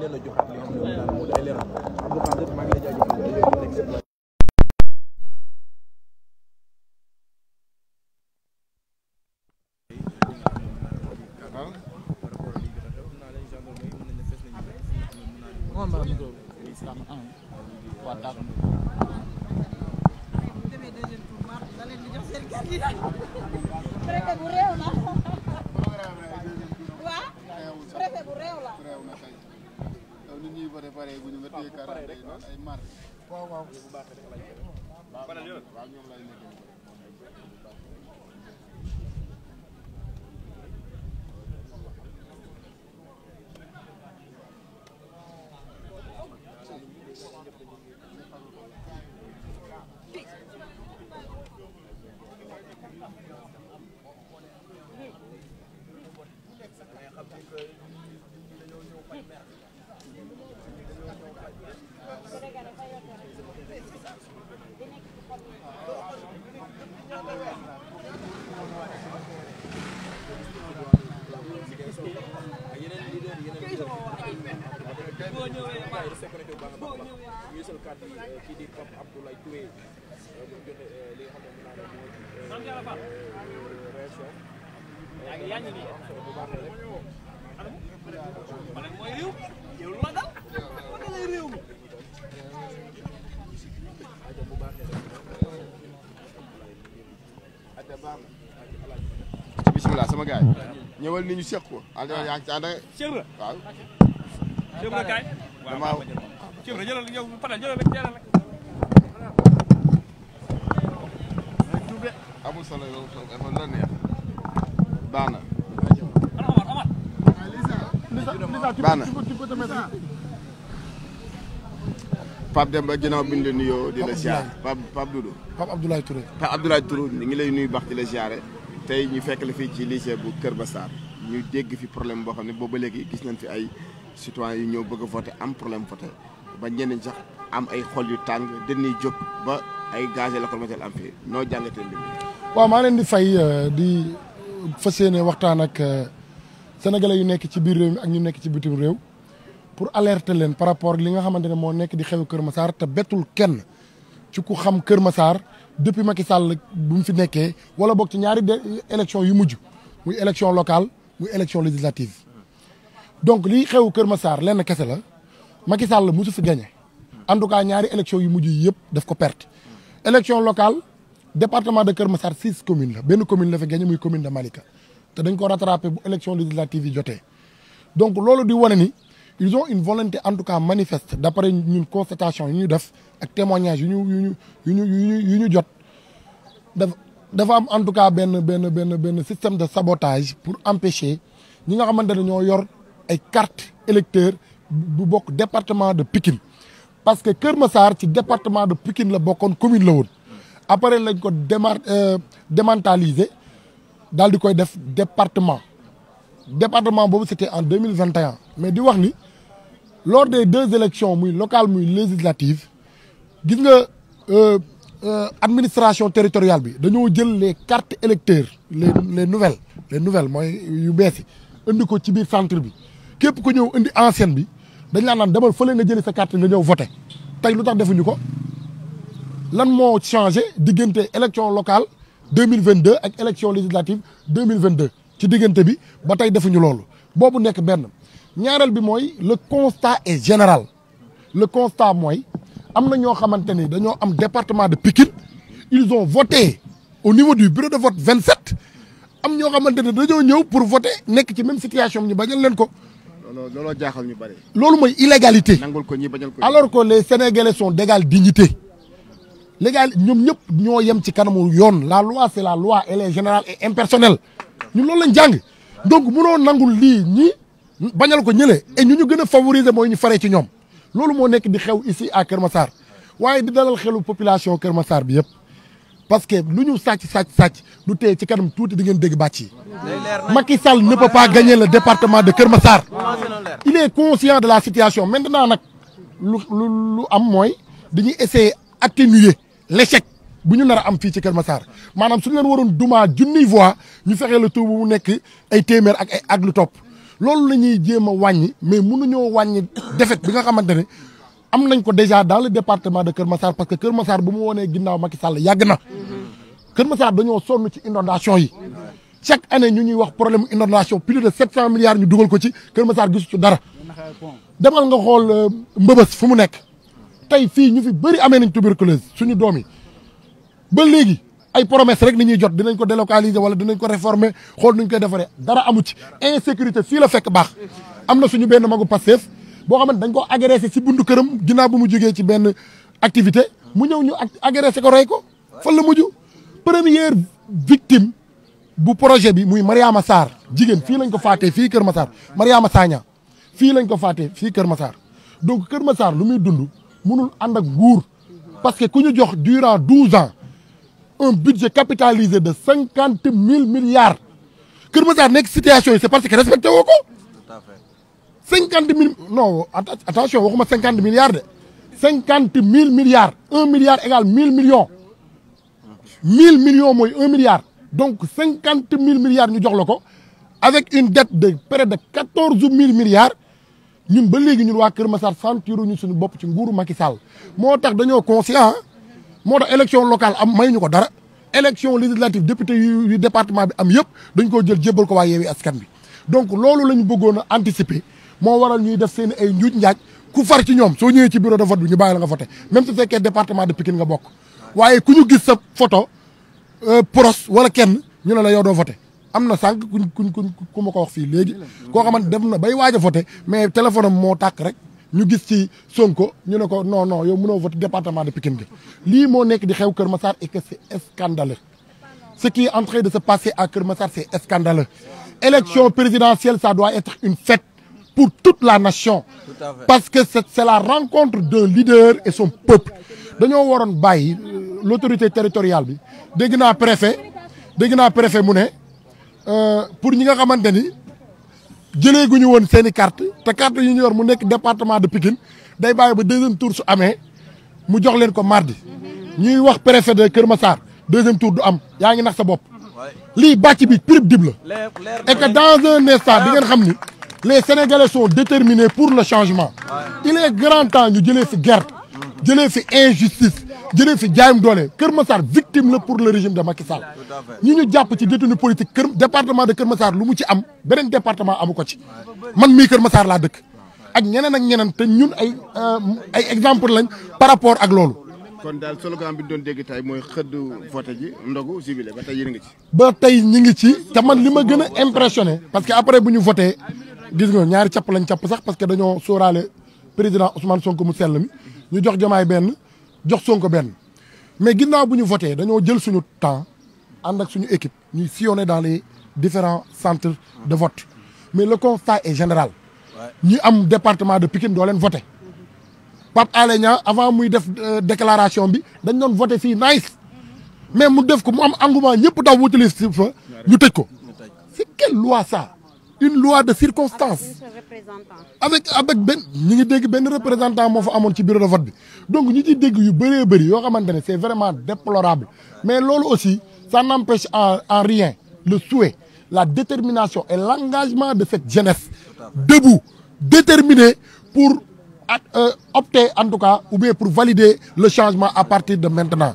leen a joxaat li nga xam ne daal moo day leeral Abdou Khadre maa ngi lay jaajëfal Mereka gue real lah. ñuy bëre pare bu ñu nga téye kaaraange yi noonu ay mar waaw waaw waaw ñoom lay nekk connecté bu baax a baax a baax ñu gisal kàddu yi euh, kii di Pape Abdoulaye Touré euh, mu joxe euh, li nga xam ne naa la moo ci réaction bu baax la rek man mooy réew yow lu ma dal ma dalay réew mi aja bu baax aja baax na bismillah sama gaay ñëwal ni ñu seq ko anda yaa ci anda ah, seq la waaw seq la gaay damaa Cibra jëlal yow Fadal jëlal jëlal rek amul solo yow dafa la neex baax na baax na Pape Demba ginnaaw bi ñu la nuyoo di la ziar Pape Pape Doudou Pape Abdoulaye ñu ngi lay nuyu baax di la ziare tey ñu fekk la fii ci lycée bu Kër Bassar ñu dégg fi problème boo xam ne booba léegi gis nañ fi ay citoyens yi ñëw bëgg a voté am problème voté ba ñeneen sax am ay xol yu tàng dañuy jóg ba ay gaz la ko mettal am fii noo jàngatee mbir waaw maa di fay euh, di fas yéene waxtaan ak euh, sénégalais yu nekk ci biir réew mi ak ñu nekk ci bitim réew pour alerte leen par rapport li nga xamante ne moo nekk di xew Kër ma Massar te bettul kenn ci ku xam Kër Massar depuis Macky Sall bu mu fi nekkee wala boog ci ñaari élection yu mujj muy élection locale muy élection législative donc lii xew Kër Massar lenn kese la Macky Sall la mosu fi gagné en tout cas ñaari élection yu mujj yi yëpp daf ko perte. élection locale département de Kër Massar six communes la benn commune la fi gagné muy commune de Malika te dañ ko rattrapé bu élection législative yi jotee donc loolu di wane ni ils ont une volonté en tout cas manifeste d' après ñun constatation yu ñu def ak témoignage yu ñu yu ñu yu ñu yu ñu jot daf dafa am en tout cas benn benn benn benn système de sabotage pour empêcher ñi nga xamante ne ñoo yor. ay carte électeur bu bokk département de Pikine parce que Kër Massar ci département de Pikine la bokkoon commune la woon après lañ ko démar euh, démentalisé daal di koy def département département boobu c'était en deux mille vingt et mais di wax ni lors de deux élections muy locale muy législative gis nga euh, euh, administration territoriale bi dañoo jël les cartes électeurs les les nouvelles nouvelle mooy yu bees yi indi ko ci biir centre bi képp ku ñëw indi ancienne bi dañ laa naan demal fële nga jëli sa carte nga ñëw voté tey lu tax defuñu ko lan moo changé diggante élection locale deux mille vingt deux ak élection législative deux mille vingt deux ci diggante bi ba tey defuñu loolu boobu nekk benn ñaareel bi mooy le constat est général le constat mooy am na ñoo xamante ni dañoo am département de Pikine ils ont voté au niveau du bureau de vote vingt sept am ñoo xamante ne dañoo ñëw pour voter nekk ci même situation ñu bañal leen ko looloo jaaxal ñu bari. loolu mooy illégalité. nangul ko ñi bañal ko alors que les sénégalais sont d'égale dignité légal ñoom ñëpp ñoo yem ci kanamu yoon la loi c'est la loi elle est générale et impersonnelle ñun loolu lañ jàng donc mënoo nangul lii ñi bañal ko ñële et ñu ñu gën a favoriser mooy ñu faree ci ñoom loolu moo nekk di xew ici à Kër Massar waaye di dalal xelu population Kër Massar bi yëpp parce que lu ñu sàcc sàcc sàcc du tee ci kanam tuuti di ngeen dégg bàcc yi. Macky Sall ne peut pas gagner le département de Keur Massar il est conscient de la situation maintenant nag lu lu lu am mooy dañuy essayer atténuer l'échec bu ñu nar a am fii ci Kër Massar maanaam suñu leen waroon dumaa junniy voix ñu fexee la taux bu mu nekk ay téeméer ak ay ak lu topp loolu la ñuy jéem a wàññi mais mënuñoo wàññi défaite bi nga xamante ne am nañ ko déjà dans le département de Kër Massar parce que Kër Massar bu mu wonee ginnaaw Macky Sall yàgg na Kër Massar dañoo sonn ci inondation yi chaque année ñu ñuy wax problème inondation plus de sept cent milliards ñu dugal ko ci Kër Massar gisu ci dara demal nga xool euh, mbëbës fu mu nekk tey fii ñu fi bëri amee nañ tuberculose suñu doom yi ba léegi ay promesse rek ni ñuy jot dinañ ko délocaliser wala dinañ ko réformer xool nuñ koy defaree dara amu ci insécurité fii la fekk baax am na suñu benn magu Pastef boo xam ne dañ ko agressé si buntu këram ginnaaw bu mu jógee ci benn activité mu ñëw ñu agressé ko rey ko fan la mujj première victime bu projet bi muy Mariama Sarr jigéen fii lañ ko faatee fii Kër Massar Mariama Sagna fii lañ ko faatee fii Kër Massar donc Kër ma saar lu muy dund mënul ànd ak nguur parce que ku ñu jox durant douze ans un budget capitalisé de cinquante mille milliards Kër Massar nekk situation parce que respecté cinquante mille non attention waxuma cinquante milliards de cinquante mille milliards un milliard égal mille millions mille millions mooy un milliard donc cinquante mille milliards ñu jox la ko avec une dette de près de quatorze mille milliards ñun ba léegi ñun waa Kër Massar sentiru ñu suñu bopp ci nguuru Macky Sall moo tax dañoo conscient moo tax élection locale am may ñu ko dara élection législative député yu département bi am yëpp dañ koo jël jébbal ko waa Yewwi Askan bi donc loolu la ñu bëggoon a anticiper moo waral ñuy def seen ay njuuj njaaj ku far ci ñoom soo ñëwee ci bureau de vote bi ñu bàyyi la nga voté même su fekkee département de Pikine nga bokk waaye ku ñu gis sa photo Euh, pros wala kenn ñu ne la yow doo am na sànq kuñ kuñ kuñ ku ma ko wax fii léegi koo xamante def na bay waaj a voté mais téléphone am moo tàkk rek ñu gis ci Sonko ñu ne ko no no yow mënoo voté département de Pikine bi lii moo nekk di xew Kër Massar et que c'est scandaleux ce qui est de se passer à Kër Massar c'est scandaleux élection présidentielle ça doit être une fête pour toute la nation parce que c'est la rencontre d'un leader et son peuple dañoo waroon bàyyi l' autorité territoriale bi dégg naa préfet dégg naa préfet mu ne euh, pour ñi nga xamante ni jëlee gu ñu woon seeni i te carte yu ñu yor mu nekk département de Pikine day bàyyi ba deuxième tour su amee mu jox leen ko mardi ñuy wax préfet de Kër Massar deuxième tour du am yaa ngi nax sa bopp lii bàcc bi prib dib la et que dans un instant di ngeen xam ni les sénégalais sont déterminés pour le changement il est grand temps ñu jëlee fi guerre jëlee fi injustice jëlee fi jaayam doole Kër Massar victime la pour le régime de Macky Sall ñi ñu jàpp ci détenu politique kër département de Kër Massar lu mu ci am beneen département amu ko ci man mii Kër Massar laa dëkk ak ñeneen ak ñeneen te ñun ay euh, ay exemple lañ par rapport ak loolu. kon daal slogan bi doon dégg tey mooy xëdd vote ji ndogu civilé ba tey yéen ngi ci. ba tey ñi ngi ci te man li ma gën a impressionné parce que après bu ñu voté gis nga ñaari capp lañ capp sax parce que dañoo sóoraale président Ousmane Sonko mu sell mi ñu jox jomaay benn. jox son ko benn mais ginnaaw bu ñu voté dañoo jël suñu temps ànd ak suñu équipe ñuy sillonner dans les différents centres de vote mais le constat est général ñi am département de Pikine doo leen voté Pape Alé Niang avant muy def euh, déclaration bi dañ doon voté fii nice mais mu def ko mu am engouement ñëpp daw wutali si fa ñu tëj ko c'est quelle loi ça une loi de circonstance avec avec benn ñu ngi dégg benn représentant moo fa amoon ci bureau de vote bi donc ñu ciy dégg yu bëree bëri yoo xamante ne c'est vraiment déplorable mais loolu aussi ça n'empêche en en rien le souhait la détermination et l'engagement de cette jeunesse debout déterminer pour euh, opter en tout cas ou bien pour valider le changement à partir de maintenant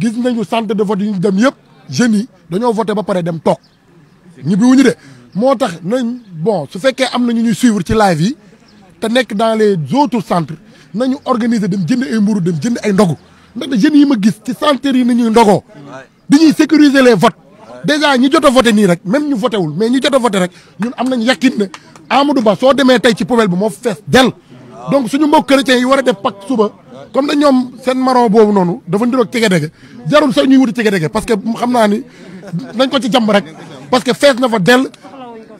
gis nañu centre de vote yi ñu dem yëpp jeunes yi dañoo voté ba pare dem toog ñibbi wuñu de moo tax nañ bon su fekkee am na ñu ñuy suivre ci live yi te nekk dans les autres centres nañu organiser dem jënd ay mburu dem jënd ay ndogu ndax de jeunes yi ma gis ci centres yi nañuy ndogoo dañuy sécuriser les votes déjà ñi ñu a voté nii rek même ñu voté wul mais ñu jot a voté rek ñun am nañ yàqin ne Amadou Ba soo demee tey ci poubelle bi moo fees del donc suñu mbokk chrétiens yi war a def pàcc suba comme na ñoom seen maron boobu noonu dafa ndiroog cegedege jarul sax ñuy wuti cegedege parce que xam naa ni nañ ko ci jàmm parce que fees na fa del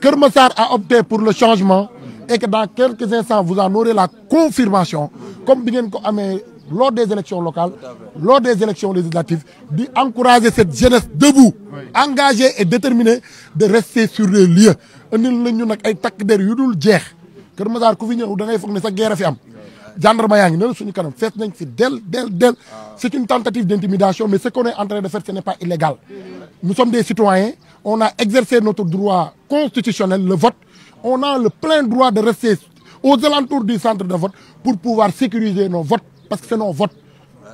Kermassar a opté pour le changement et que dans quelques instants, vous en aurez la confirmation. Comme amee lors des élections locales, lors des élections législatives, d'encourager cette jeunesse debout, engagée et déterminée de rester sur les lieux. Nous avons ay takk der yu dul jeex Kër Massar ku fi ñëw da ngay foog ne sa guerre fi am gendarme yaa ngi ne suñu kanam fees nañ fi del del del ah. c'est une tentative d'intimidation mais ce qu'on est en train de faire ce n'est pas illégal nous sommes des citoyens on a exercé notre droit constitutionnel le vote on a le plein droit de rester aux alentours du centre de vote pour pouvoir sécuriser no votes parce que c'est nos votes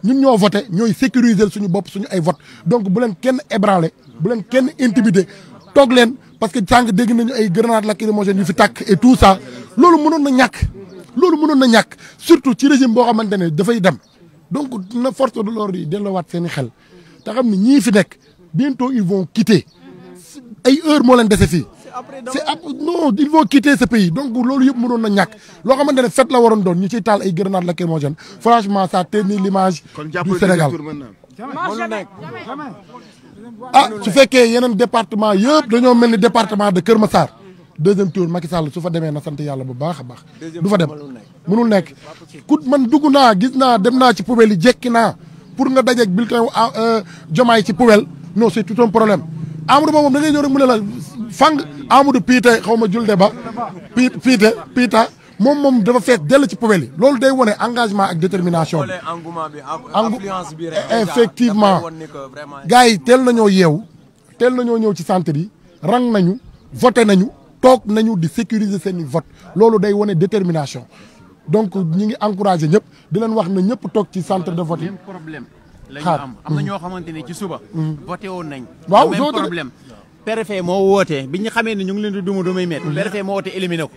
ñun ñoo voté ñooy sécuriser suñu bopp suñu ay vote donc bu leen kenn ébranlé bu leen kenn intimider toog leen parce que sànq dégg nañu ay grenades lacrymogènes yu fi tàkk et tout ça loolu mënoon na ñàkk loolu mënoon na ñàkk surtout ci régime boo xamante ne dafay dem donc na force de l'ordre yi delloowaat seen i xel te xam ne ñii fi nekk bientôt ils vont quitter ay heure moo leen dese fii c'est après non ils vont quitter ce pays donc loolu yëpp mënoon na ñàkk loo xamante ne fet la waroon doon ñu ciy taal ay grenades lacrymogènes franchement ça ternit l'image du Sénégal ah su fekkee yeneen département yëpp dañoo mel ni département de Kër Massar deuxième tour Macky Sall su fa demee na sant yàlla bu baax a baax. du fa dem mënul nekk. ku man dugg naa gis naa dem naa ci poubelle yi jekki naa pour nga dajeeg bulletin wu jomaay ah, euh, ci poubelle non c'est tout un problème. Amadou boobu da ngay ñëw rek mu ne la fang Amadou piite xaw ma julde ba pi piite piita moom moom dafa fees dell ci poubelle yi loolu day wone engagement ak détermination bi. affluence bi effectivement gars yi teel na nañoo yeew teel na ñoo ñëw ci centre yi rang nañu voté nañu. toog nañu di sécuriser seen i vote loolu day wane détermination donc ñi ngi encouragé ñëpp di leen wax na ñëpp toog ci centre de vote yi. problème la ñu am am na ñoo xamante ne ci suba. Mm-hmm. voté woon nañ. waaw même problème. préfet moo wootee bi ñu xamee ne ñu ngi leen di duma dumay met mm-hmm. préfet moo wootee éliminé ko.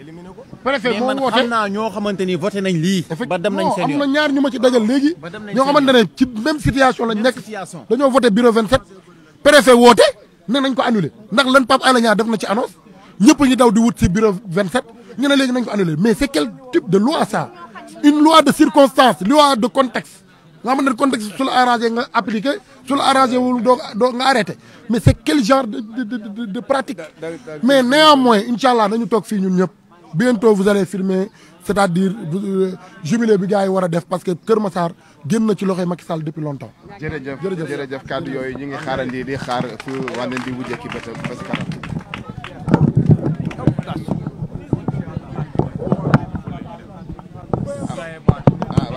préfet ñoo xamante ni voté nañ lii. ba dem nañ seen ñaar ñu ma ci dajal léegi. ñoo xamante ne ci même situation lañ nekk. dañoo voté bureau 27. préfet woote ne nañ ko annulé ndax lan Pape Alé Niang def na ci annonce. ñëpp ñu daw di wut ci bureau 27 ñu ne léegi nañ ko annulé mais c'est quel type de loi ça une loi de circonstance loi de contexte nga xam ne contexte su la arrangé nga appliqué su la arrangé wul doo doo nga arrêté mais c'est quel genre de de de de pratique. mais néanmoins incha allah nañu toog fii ñun ñëpp bientôt vous allez filmer c'est-à-dire euh, jubilé bi gaa yi war a def parce que Kër Massar génn na ci loxoy Macky Sall depuis longtemps. jërëjëf jërëjëf jërëjëf kàddu yooyu ñu ngi xaarandi di xaar fu wàllandi wu njëkk ba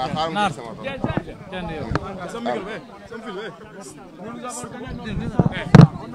naar naar